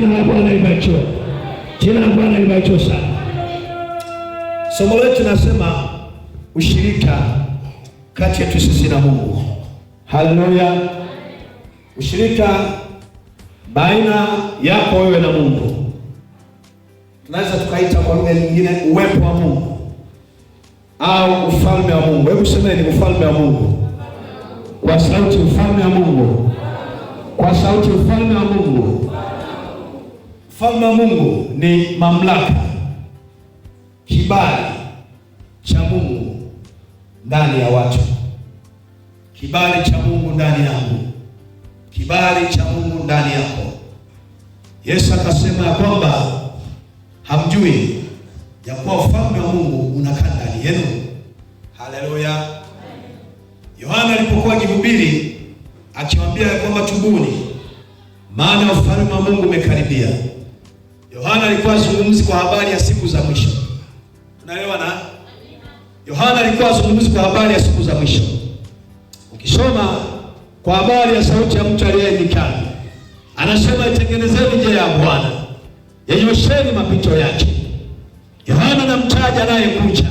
Jina la Bwana libarikiwe, jina la Bwana libarikiwe sana. Somo letu nasema ushirika kati yetu sisi na Mungu. Haleluya! Ushirika baina yako wewe na Mungu, tunaweza tukaita kwa lugha nyingine uwepo wa Mungu au ufalme wa Mungu. Hebu semeni ufalme wa Mungu kwa sauti, ufalme wa Mungu kwa sauti, ufalme wa Mungu Ufalme wa Mungu ni mamlaka, kibali cha Mungu ndani ya watu, kibali cha Mungu ndani yangu, kibali cha Mungu ndani yako. Yesu akasema ya kwamba hamjui ya kuwa ufalme wa Mungu unakaa ndani yenu. Haleluya! Yohana alipokuwa akihubiri akiwaambia ya kwamba tubuni, maana ufalme wa Mungu umekaribia. Yohana alikuwa azungumzi kwa habari ya siku za mwisho. Tunaelewa na? Yohana alikuwa azungumzi kwa habari ya siku za mwisho. Ukisoma kwa habari ya sauti ya mtu aliye nyikani, anasema itengenezeni njia ya Bwana, yanyosheni mapito yake. Yohana anamtaja anayekuja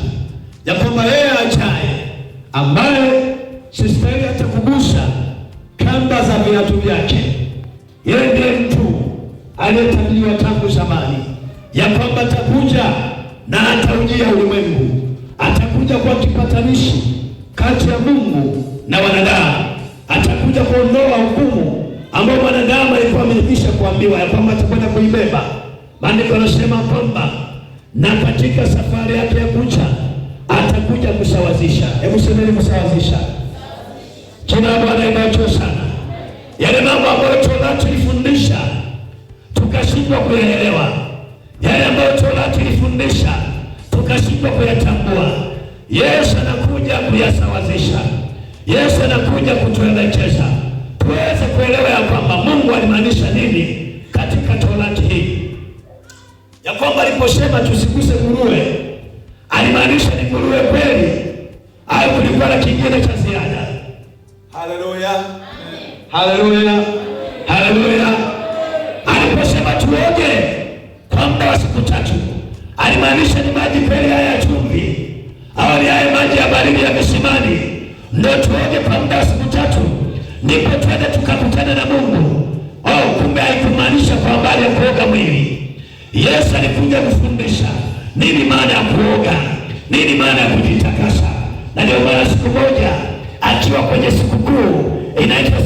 ya kwamba yeye achaye ambaye sistahili atakugusa kamba za viatu vyake, yeye ndiye mtu aliyeta tangu zamani ya kwamba atakuja na ataujia ulimwengu, atakuja kwa kipatanishi kati ya Mungu na wanadamu, atakuja kuondoa hukumu ambayo wanadamu alikuwa amekwisha kuambiwa ya kwamba atakwenda kuibeba. Maandiko yanasema kwamba na katika safari yake ya kucha atakuja kusawazisha. Hebu semeni kusawazisha, jina la Bwana Yesu anakuja kuyasawazisha, Yesu anakuja kutuelekeza tuweze kuelewa ya kwamba Mungu alimaanisha nini katika Torati hii, ya kwamba aliposema tusiguse nguruwe alimaanisha ni nguruwe kweli au kulikuwa na kingine cha ziada? Haleluya, haleluya, haleluya. Aliposema tuoge kwa muda wa siku tatu alimaanisha ni maji kweli haya ya chumvi awaliaye maji ya baridi ya misimani, ndio tuoge kwa muda siku tatu, ndipo twende tukakutana na Mungu. Au kumbe haikumaanisha kwa habari ya kuoga mwili. Yesu alikuja kufundisha nini maana ya kuoga, nini maana ya kujitakasa, na ndio maana siku moja akiwa kwenye sikukuu inaitwa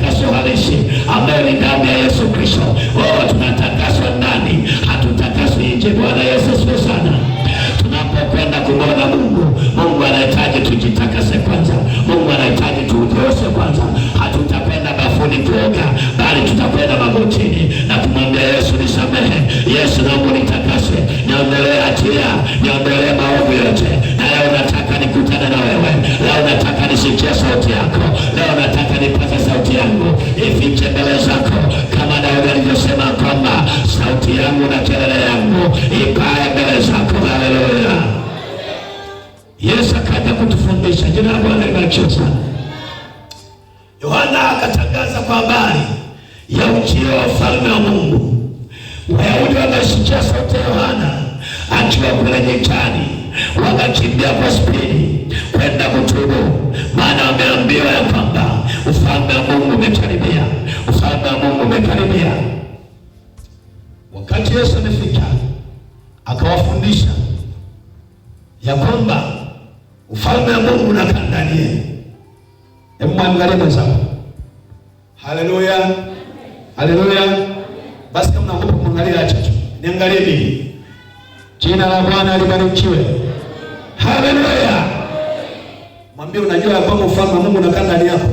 tunatakaswa halisi ambayo ni damu ya Yesu Kristo. Oh, tunatakaswa ndani, hatutakaswi nje. Bwana Yesu sana. Tunapokwenda kumwona Mungu, Mungu anahitaji tujitakase kwanza. Mungu anahitaji tuujeose kwanza. Hatutakwenda bafuni kuoga, bali tutakwenda magotini na kumwambia Yesu, nisamehe. Yesu, naomba nitakaswe, niondolee hatia, niondolee maovu yote, na unataka nataka nikutane na wewe Leo nataka nisikie sauti yako, leo nataka nipate sauti yangu ifiche mbele zako, kama Daudi alivyosema kwamba sauti yangu na kelele yangu ipae mbele zako. Haleluya! Yesu akaja kutufundisha, jina la Bwana libarikiwe sana. Yohana akatangaza kwa habari ya ujio wa ufalme wa Mungu. Wayahudi wamesikia sauti ya Yohana akiwa kule nyikani, wakakimbia kwa spidi kwenda kutubu, maana wameambiwa ya kwamba ufalme wa Mungu umekaribia, ufalme wa Mungu umekaribia. Wakati Yesu amefika, akawafundisha ya kwamba ufalme wa Mungu unakaa ndani yenu. Hebu mwangalie mwenzako. Haleluya, haleluya! Basi kama naogopa mwangalie, acha tu niangalie mimi. Jina la Bwana libarikiwe. Haleluya. Mwambie unajua ya kwamba ufalme wa Mungu unakaa ndani yako.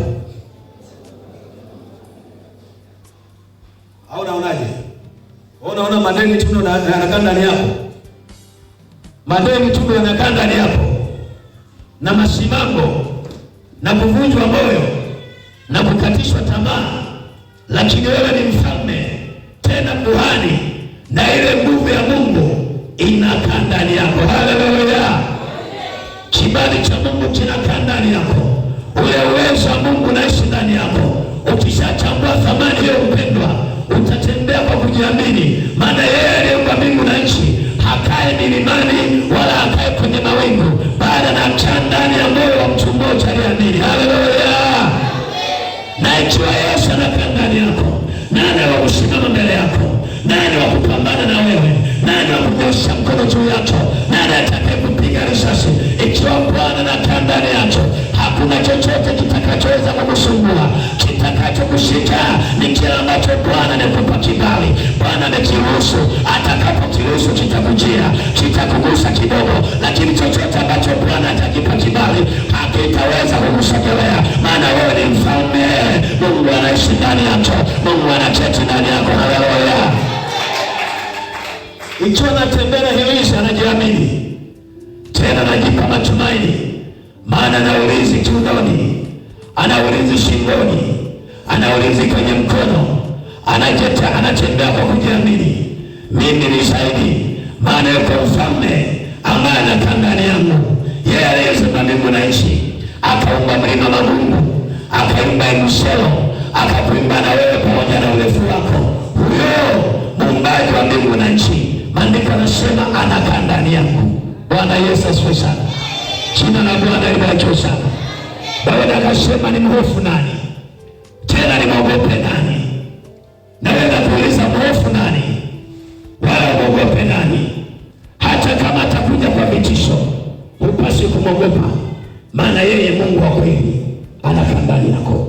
Au unaonaje? Wewe unaona madeni mtume yanakaa ndani yako. Madeni mtume yanakaa ndani yako. Na masimango na kuvunjwa moyo na kukatishwa tamaa, lakini wewe ni mfalme tena kuhani, na ile nguvu ya Mungu inakaa ndani yako. Haleluya! Kibali cha Mungu kinakaa ndani yako, ule uwezo wa Mungu unaishi ndani yako. Ukishachambua thamani hiyo, upendwa, utatembea kwa kujiamini, maana yeye aliyeumba mbingu na nchi hakae milimani wala hakae kwenye mawingu, baada na mchaa ndani ya moyo wa mtu mmoja aliyeamini. Haleluya! Na ikiwa Yesu anakaa ndani yako, nani wa kusimama mbele yako? Nani wa kupambana na wewe? Nani wa kunyosha mkono juu yako? Nani atakaye kupiga risasi. Ikiwa Bwana anakaa ndani yacho, hakuna chochote kitakachoweza kukusumbua, kitakachokushika ni kile ambacho Bwana amekupa kibali. Bwana amekiruhusu, atakapokiruhusu kitakujia, kitakugusa kidogo, lakini chochote ambacho Bwana atakipa kibali hakitaweza kukusogelea, maana wewe ni mfalme. Mungu anaishi ndani yacho, Mungu anaketi ndani yako. Haleluya! Ikiwa natembea hilisha anajiamini tena najipa matumaini, maana ana ulinzi kiunoni, ana ulinzi shingoni, ana ulinzi kwenye mkono, anajeta anatembea kwa kujiamini. Mimi ni shahidi, maana yuko mfalme ambaye anakaa ndani yangu, yeye aliyesema mbingu na nchi, akaumba mlima magungu Mungu, akaimba mshelo, akakuimba na wewe pamoja na urefu wako, huyo muumbaji wa mbingu na nchi. Maandiko yanasema anakaa ndani yangu. Bwana Yesu asifiwe sana. Jina la Bwana libarikiwe sana. Daudi akasema mhofu nani? Tena nimwogope nani? Na wewe unatuuliza mhofu nani? Wala mwogope nani? Hata kama atakuja kwa vitisho, hupasi kumwogopa, maana yeye Mungu wa kweli anakaa ndani yako.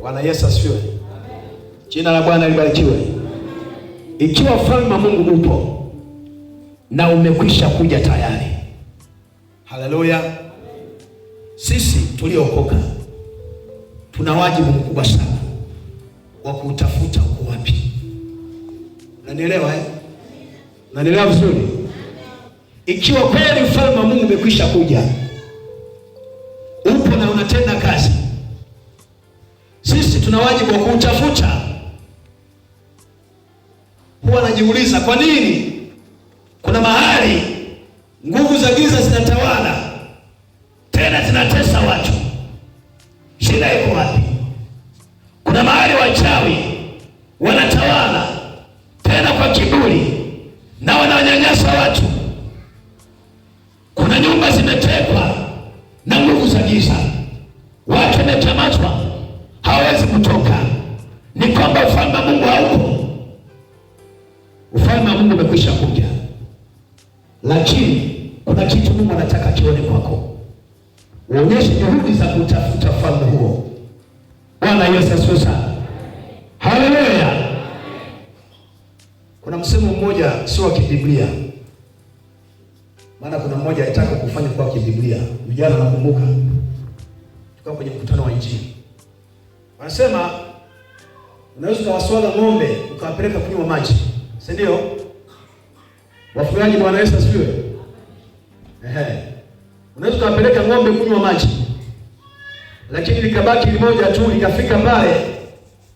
Bwana Yesu asifiwe. Jina la Bwana libarikiwe. Ikiwa falma Mungu upo na umekwisha kuja tayari. Haleluya! Sisi tuliokoka tuna wajibu mkubwa sana wa kuutafuta uko wapi. Nanielewa eh? Nanielewa vizuri. Ikiwa kweli mfalme wa Mungu umekwisha kuja, upo na unatenda kazi, sisi tuna wajibu wa kuutafuta. Huwa anajiuliza kwa nini kuna mahali nguvu za giza zinatawala tena zinatesa watu. Shida iko wapi? Kuna mahali wachawi wanatawala tena kwa kiburi na wanawanyanyasa watu. swala ng'ombe ukawapeleka kunywa maji, si ndio? Wafugaji, Bwana Yesu asifiwe. Ehe, unaweza ukawapeleka ng'ombe kunywa maji, lakini likabaki limoja tu, likafika pale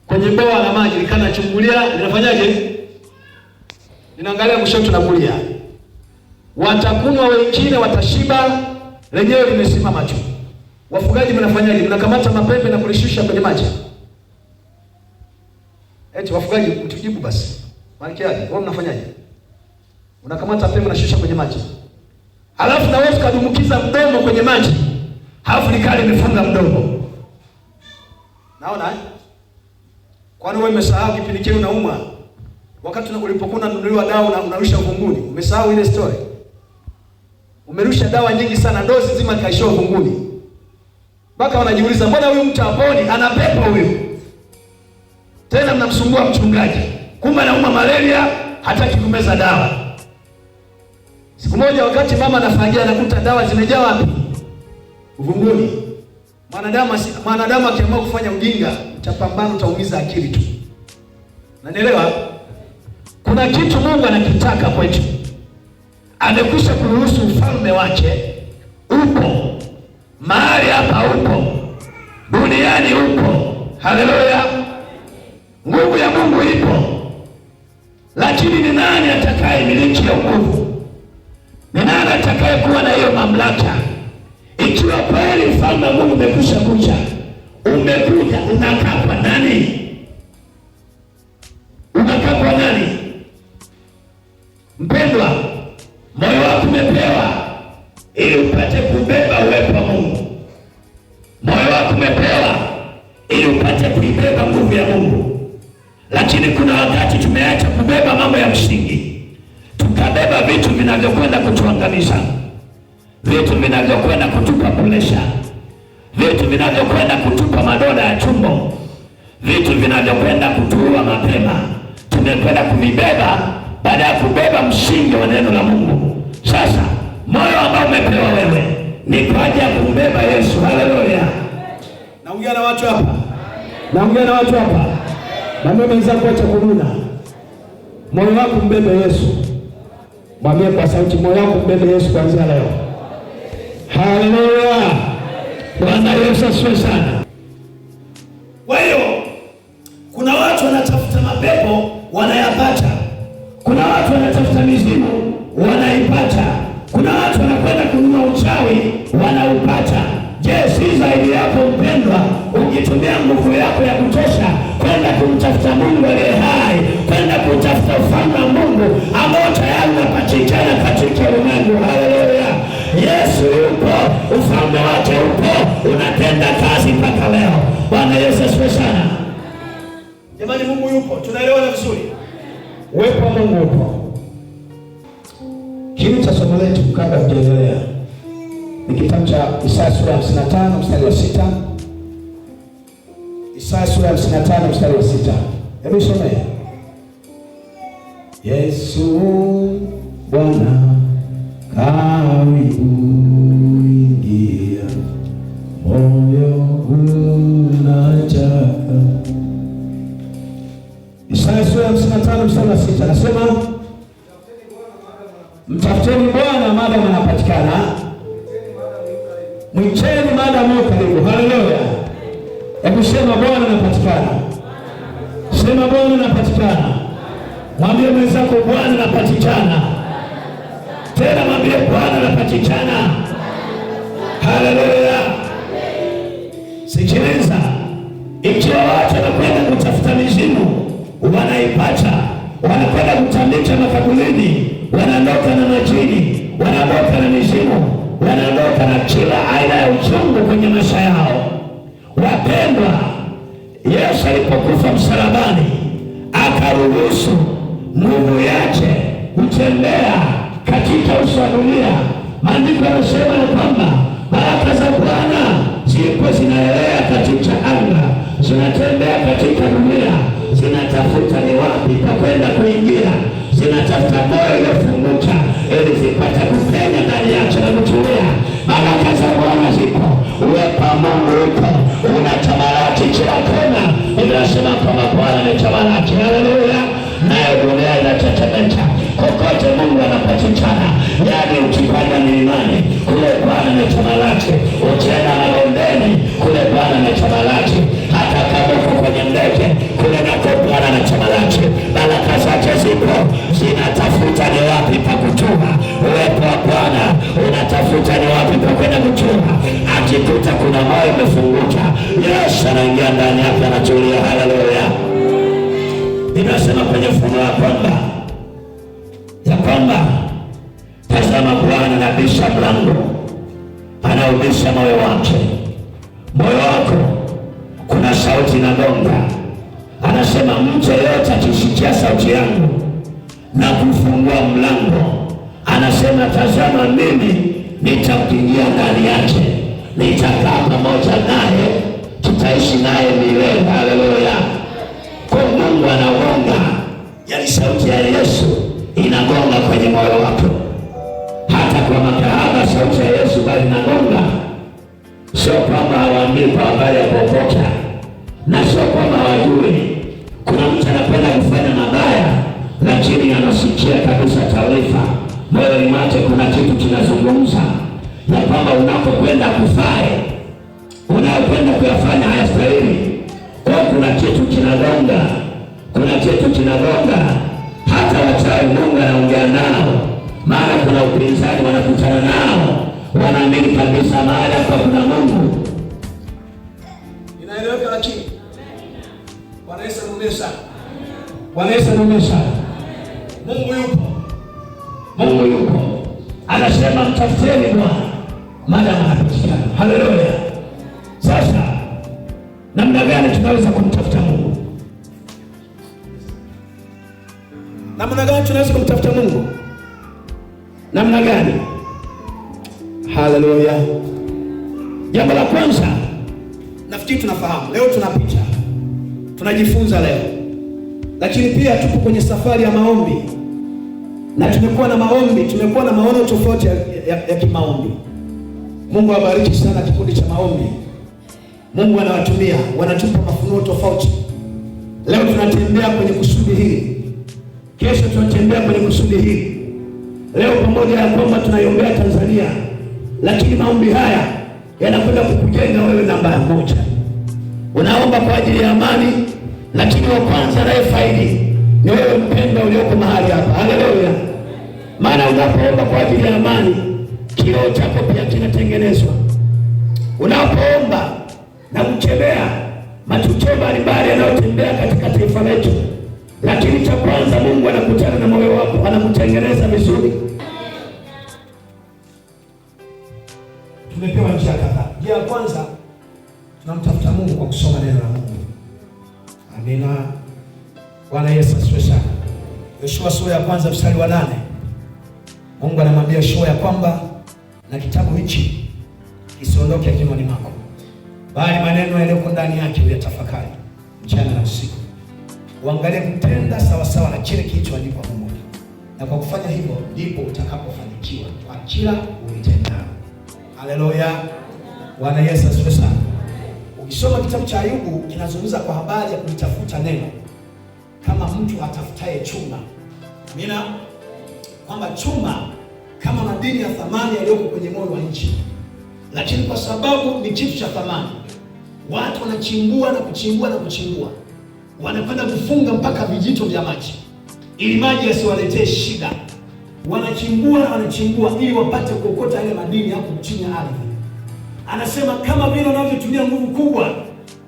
kwenye bwawa la maji, chungulia linafanyaje? Ninaangalia kushoto na kulia. Watakunywa wengine, watashiba, lenyewe limesimama tu. Wafugaji, mnafanyaje? Mnakamata mapembe na kulishusha kwenye maji Eti wafugaji mtujibu basi. Maana yake wao mnafanyaje? Unakamata pembe na shusha kwenye maji. Alafu na wewe ukadumukiza mdomo kwenye maji. Halafu likale nifunga mdomo. Naona? Eh? Kwani wewe umesahau kipindi kile unaumwa? Wakati ulipokuwa unanunuliwa dawa na unarusha vunguni, umesahau ile story. Umerusha dawa nyingi sana, dozi nzima kaishoa vunguni. Mpaka wanajiuliza mbona huyu mtu aponi? Ana pepo huyu tena mnamsumbua mchungaji, kumbe anauma malaria, hataki kumeza dawa. Siku moja wakati mama anafagia, anakuta dawa zimejaa wapi? Uvunguni. Mwanadamu mwanadamu akiamua kufanya ujinga, utapambana, utaumiza akili tu. Unanielewa? Kuna kitu Mungu anakitaka kwetu, amekwisha kuruhusu ufalme wake upo mahali hapa, upo duniani, upo haleluya. Nguvu ya Mungu ipo, lakini ni nani atakaye miliki ya nguvu? Ni nani atakaye kuwa na hiyo mamlaka? Ikiwa kweli ufalme wa Mungu umekwisha kuja, umekuja, unakaa kwa nani? Unakaa kwa nani? Mpendwa, moyo wako umepewa ili upate kubeba uwepo wa Mungu. Moyo wako umepewa ili upate kuibeba nguvu ya Mungu lakini kuna wakati tumeacha kubeba mambo ya msingi, tukabeba vitu vinavyokwenda kutuangamiza, vitu vinavyokwenda kutupa presha, vitu vinavyokwenda kutupa madonda ya tumbo, vitu vinavyokwenda kutuua mapema. Tumekwenda kuvibeba baada ya kubeba msingi wa neno la Mungu. Sasa moyo ambao umepewa wewe ni kwa ajili ya kumbeba Yesu. Haleluya! naongea na watu hapa, naongea na watu hapa Mwambie mwenzako acha kununa, moyo wako mbebe Yesu. Mwambie kwa sauti, moyo wako mbebe Yesu kuanzia leo. Haleluya, Bwana Yesu asifiwe sana. Kwa hiyo kuna watu wanatafuta mapepo wanayapata, kuna watu wanatafuta mizimu wanaipata, kuna watu wanakwenda kununua uchawi wanaupata Je, si zaidi yako mpendwa, ukitumia nguvu yako ya kutosha kwenda kumtafuta Mungu aliye hai, kwenda kutafuta ufalme wa Mungu ambao tayari unapatikana katika ulimwengu. Haleluya! Yesu yupo, ufalme wake upo, unatenda kazi mpaka leo. Bwana Yesu asifiwe sana. Jamani, Mungu yupo, tunaelewana vizuri? Uwepo wa Mungu upo. Kiu cha somo letu kabla tujaendelea ni kitabu cha Isaya sura ya 55 mstari wa sita. Isaya sura ya 55 mstari wa sita. Hebu some. Yesu Bwana kawikuingia moyo mtafuteni Bwana maadamu anapatikana Mwicheni maana mko karibu. Haleluya! Hebu sema Bwana anapatikana, sema Bwana anapatikana. Mwambie mwenzako Bwana napatikana tena mwambie Bwana napatikana Haleluya! Sikiliza, ikiwa watu wanakwenda kutafuta mizimu wanaipata, wanakwenda kutandika makaburini, wanandoka na majini, wanandoka na mizimu wanaondoka na kila aina ya uchungu kwenye maisha yao. Wapendwa, Yesu alipokufa msalabani, akaruhusu nguvu yake kutembea katika uso wa dunia. Maandiko yanasema ya kwamba baraka za Bwana ziko zinaelea katika anga, zinatembea katika dunia zinatafuta ni wapi pa kwenda kuingia, zinatafuta moyo uliofunguka ili zipate kupenya ndani yake na kutulia. Baraka za Bwana ziko, uwepo wa Mungu uko unatamalaki wakati kila kona inasema kwamba Bwana ametawala yake. Haleluya! nayo dunia inatetemeka, kokote Mungu anapatikana. Yaani ukipanda milimani kule Bwana ametamalaki, ukienda mabondeni kule Bwana ametamalaki, hata kama uko kwenye ndege kule nako Bwana ametamalaki. Baraka zake zipo, zinatafuta ni wapi pa kutuma uwepo mafuta ni wapi pakwenda kuchora, akikuta kuna mawe imefunguka, Yesu anaingia ndani yake, anachulia. Haleluya! Inasema kwenye Ufunuo ya kwamba ya kwamba tazama, Bwana anabisha mlango, anaubisha moyo wake. Moyo wako kuna sauti gonga anasema mtu yeyote akisikia sauti yangu na kufungua mlango, anasema tazama, mimi nitampigia ndani yake, nitakaa pamoja naye, tutaishi naye milele. Haleluya! Kwa Mungu anagonga, yani sauti ya Yesu inagonga kwenye moyo wako, hata kwa makahaba sauti ya Yesu bali inagonga. Sio kwamba hawaambii kwa habari ya kuokoka na sio kwamba hawajui. Kuna mtu anapenda kufanya mabaya, lakini anasikia kabisa taarifa wewe mate, kuna kitu tunazungumza ya kwamba unapokwenda kufae, unayokwenda kuyafanya haya stahili Kwa kuna kitu kinagonga, kuna kitu kinagonga. Hata wachawi Mungu anaongea nao, maana kuna upinzani wanakutana nao, wanaamini kabisa mahali hapa kuna Mungu. Inaeleweka lakini wanaesa numesa, wanaesa numesa, Mungu yupo Mungu yupo, anasema mtafuteni Bwana maana anapatikana. Haleluya! Sasa namna gani tunaweza kumtafuta Mungu? Namna gani tunaweza kumtafuta Mungu? Namna gani? Haleluya! Jambo la kwanza nafikiri tunafahamu leo, tunapita tunajifunza leo, lakini pia tuko kwenye safari ya maombi na tumekuwa na maombi, tumekuwa na maono tofauti ya, ya, ya kimaombi. Mungu awabariki sana kikundi cha maombi. Mungu anawatumia, wanatupa mafunuo tofauti. Leo tunatembea kwenye kusudi hili, kesho tunatembea kwenye kusudi hili. Leo pamoja ya kwamba tunaiombea Tanzania, lakini maombi haya yanakwenda kukujenga wewe namba ya moja. Unaomba kwa ajili ya amani, lakini wa kwanza anayefaidi ni wewe mpendwa ulioko mahali hapa. Haleluya! Maana unapoomba kwa ajili ya amani, kioo chako pia kinatengenezwa. Unapoomba na mchemea matukio mbalimbali yanayotembea katika taifa letu, lakini cha kwanza, Mungu anakutana na moyo wako, anakutengeneza vizuri. Tumepewa njia kadhaa. Njia ya kwanza tunamtafuta Mungu kwa kusoma neno la Mungu. Amina. Bwana Yesu asifiwe sana. Yoshua sura ya kwanza mstari wa nane Mungu anamwambia Yoshua ya kwamba na kitabu hichi kisiondoke kinywani mwako, bali maneno yaliyoko ndani yake uyatafakari mchana na usiku, uangalie kutenda sawasawa na kile kilichoandikwa humo, na kwa kufanya hivyo ndipo utakapofanikiwa kwa kila uitendao. Haleluya! Bwana Yesu asifiwe sana. Ukisoma kitabu cha Ayubu kinazungumza kwa habari ya kulitafuta neno kama mtu atafutaye chuma. mina kwamba chuma kama madini ya thamani yaliyoko kwenye moyo wa nchi, lakini kwa sababu ni kitu cha thamani, watu wanachimbua na kuchimbua na kuchimbua, wanakwenda kufunga mpaka vijito vya maji ili maji yasiwaletee shida. Wanachimbua na wanachimbua ili wapate kuokota yale madini yako chini ya ardhi. Anasema kama vile unavyotumia nguvu kubwa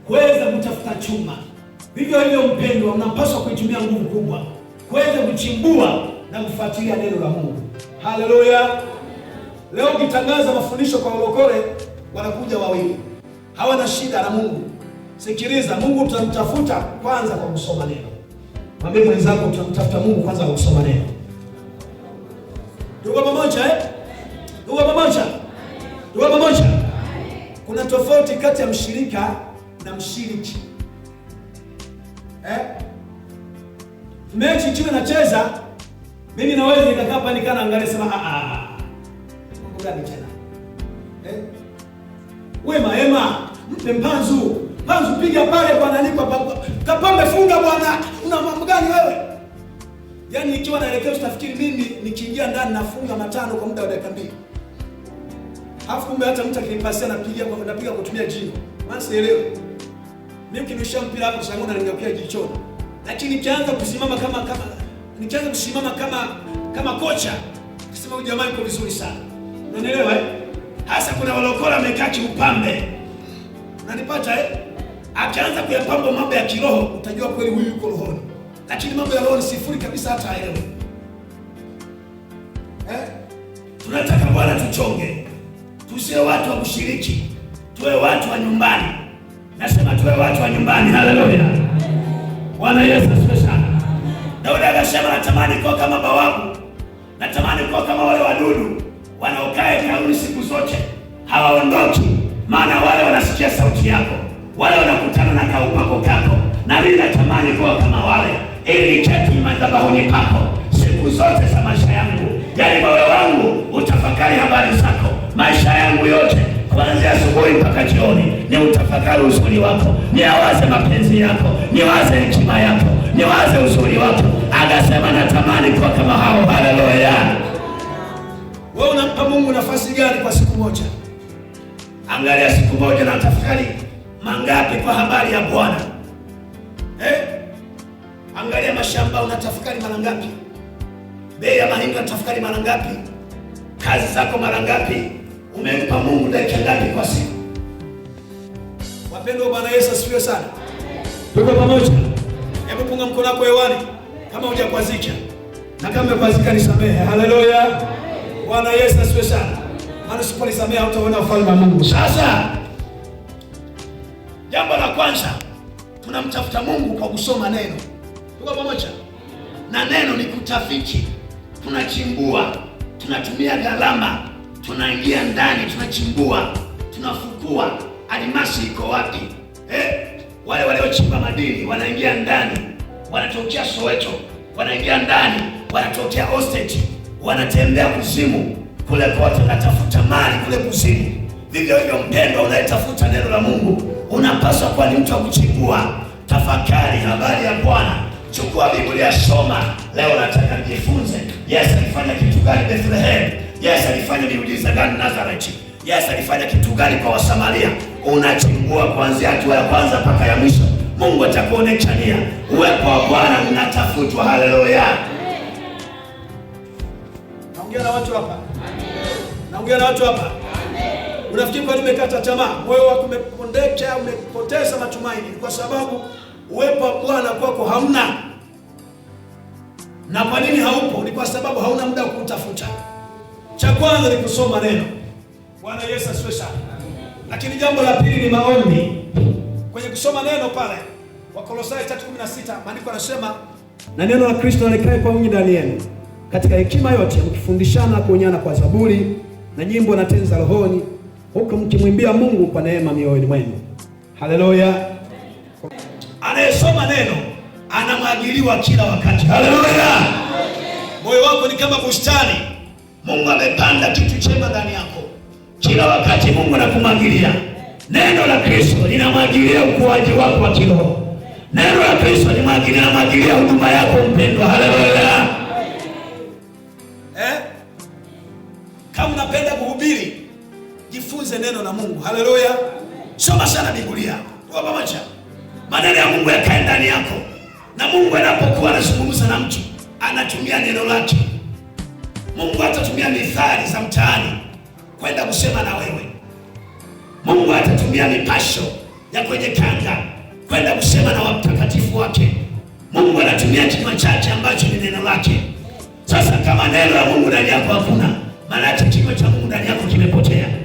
kuweza kutafuta chuma, vivyo hivyo, mpendwa, unapaswa kuitumia nguvu kubwa kuweza kuchimbua na mfuatilia neno la Mungu. Haleluya! Leo ukitangaza mafundisho kwa walokole, wanakuja wawili, hawana shida na Mungu. Sikiliza, Mungu utamtafuta kwanza kwa kusoma neno. Mwambie mwenzako, utamtafuta Mungu kwanza kwa kusoma neno. Tuko pamoja eh? Tuko pamoja, tuko pamoja. Kuna tofauti kati ya mshirika na mshiriki eh? Mechi timu inacheza mimi naweza nikakaa nikana angalia sema ah, ah ah. Mambo gani tena? Eh? Wema hema, mpe mpanzu. Panzu piga pale bwana nipa kapambe funga bwana. Una mambo gani wewe? Yaani ikiwa naelekea utafikiri mimi nikiingia ndani nafunga matano kwa muda wa dakika mbili. Alafu kumbe hata mtu akinipasia napiga kwa napiga kutumia jino. Maana sielewi. Mimi ukinishia mpira hapo sasa ngona ningekia jichoni. Lakini kianza kusimama kama kama nikaanza kusimama kama kama kocha, kasema huyu jamaa yuko vizuri sana, unanielewa eh? Hasa kuna walokola amekaa kiupambe, unanipata eh? Akianza kuyapamba mambo ya kiroho, utajua kweli huyu yuko rohoni, lakini mambo ya roho ni sifuri kabisa, hata aelewe eh? Tunataka Bwana tuchonge, tusiwe watu wa kushiriki, tuwe watu wa nyumbani. Nasema tuwe watu wa nyumbani. Haleluya, Bwana Yesu. Daudi akasema, natamani kuwa kama bawabu, natamani kuwa kama wale wadudu wanaokaa kauli siku zote, hawaondoki. Maana wale wanasikia sauti yako, wale wanakutana na kaupako kako, na mimi natamani kuwa kama wale, ili keti madhabahuni pako siku zote za maisha yangu, yani moyo wangu utafakari habari zako maisha yangu yote kuanzia asubuhi mpaka jioni, ni utafakari uzuri wako, niawaze mapenzi yako, niwaze hekima yako niwaze uzuri wako, akasema natamani kuwa kama hao. Haleluya! Wewe unampa Mungu nafasi gani kwa siku moja? Angalia siku moja na tafakari mangapi kwa habari ya Bwana eh? Angalia mashamba unatafakari mara ngapi? Bei ya mahindi unatafakari mara ngapi? Kazi zako mara ngapi? Umempa Mungu dakika ngapi kwa siku? Wapendwa, Bwana Yesu asifiwe sana. Tuko pamoja. Hebu punga mkono wako hewani kama hujakwazika, na kama umekwazika nisamehe. Haleluya, Bwana Yesu asifiwe sana. Maana usiponisamehe hautaona ufalme wa Mungu. Sasa jambo la kwanza tunamtafuta Mungu kwa kusoma neno. Tuko pamoja? Na neno ni kutafiki tunachimbua, tunatumia gharama, tunaingia ndani, tunachimbua, tunafukua, alimasi iko wapi? wachimba madini wanaingia ndani, wanatokea Soweto, wanaingia ndani, wanatokea Osteti, wanatembea kuzimu kule kote, natafuta mali kule kuzimu. Vivyo hivyo, mpendwa, unayetafuta neno la Mungu unapaswa kuwa ni mtu wa kuchukua tafakari habari ya Bwana. Chukua Biblia, soma. Leo nataka nijifunze Yesu alifanya kitu gani Bethlehem? Yesu alifanya miujiza gani Nazareti? Yesu alifanya kitu gani kwa Wasamaria? Unachungua kuanzia hatua ya kwanza mpaka ya mwisho. Mungu atakuonekania uwepo wa Bwana unatafutwa. Haleluya! Naongea na watu hapa, naongea na watu hapa. Unafikiri kwa nimekata tamaa? Moyo wako umepondeka, umepoteza matumaini kwa sababu uwepo wa Bwana kwako hamna. Na kwa nini haupo? Ni kwa sababu hauna muda wa kutafuta. Cha kwanza ni kusoma neno. Bwana Yesu asifiwe sana. Lakini jambo la pili ni maombi. Kwenye kusoma neno pale Wakolosai 3:16 maandiko yanasema, na neno la Kristo alikae kwa wingi ndani yenu katika hekima yote, mkifundishana kuonyana kwa zaburi na nyimbo na tenza rohoni, huku mkimwimbia Mungu kwa neema mioyoni mwenu. Haleluya! Anayesoma neno anamwagiliwa kila wakati. Haleluya! Moyo wako ni kama bustani, Mungu amepanda kitu chema ndani yako. Kila wakati Mungu anakumwagilia neno la Kristo linamwagilia ukuaji wako wa kiroho. Neno la Kristo ni maji, na ya huduma yako mpendwa. Haleluya. Eh? Kama unapenda kuhubiri, jifunze neno la Mungu. Haleluya. Soma sana Biblia. Kwa pamoja. Maneno ya Mungu yakae ndani yako. Na Mungu anapokuwa anazungumza na mtu, anatumia neno lake. Mungu atatumia mithali za mtaani kwenda kusema na wewe. Mungu atatumia mipasho ya kwenye kanga kwenda kusema na watakatifu wake. Mungu anatumia kinywa chake ambacho ni neno lake. Sasa kama neno la Mungu ndani yako hakuna, maana kinywa cha Mungu ndani yako kimepotea.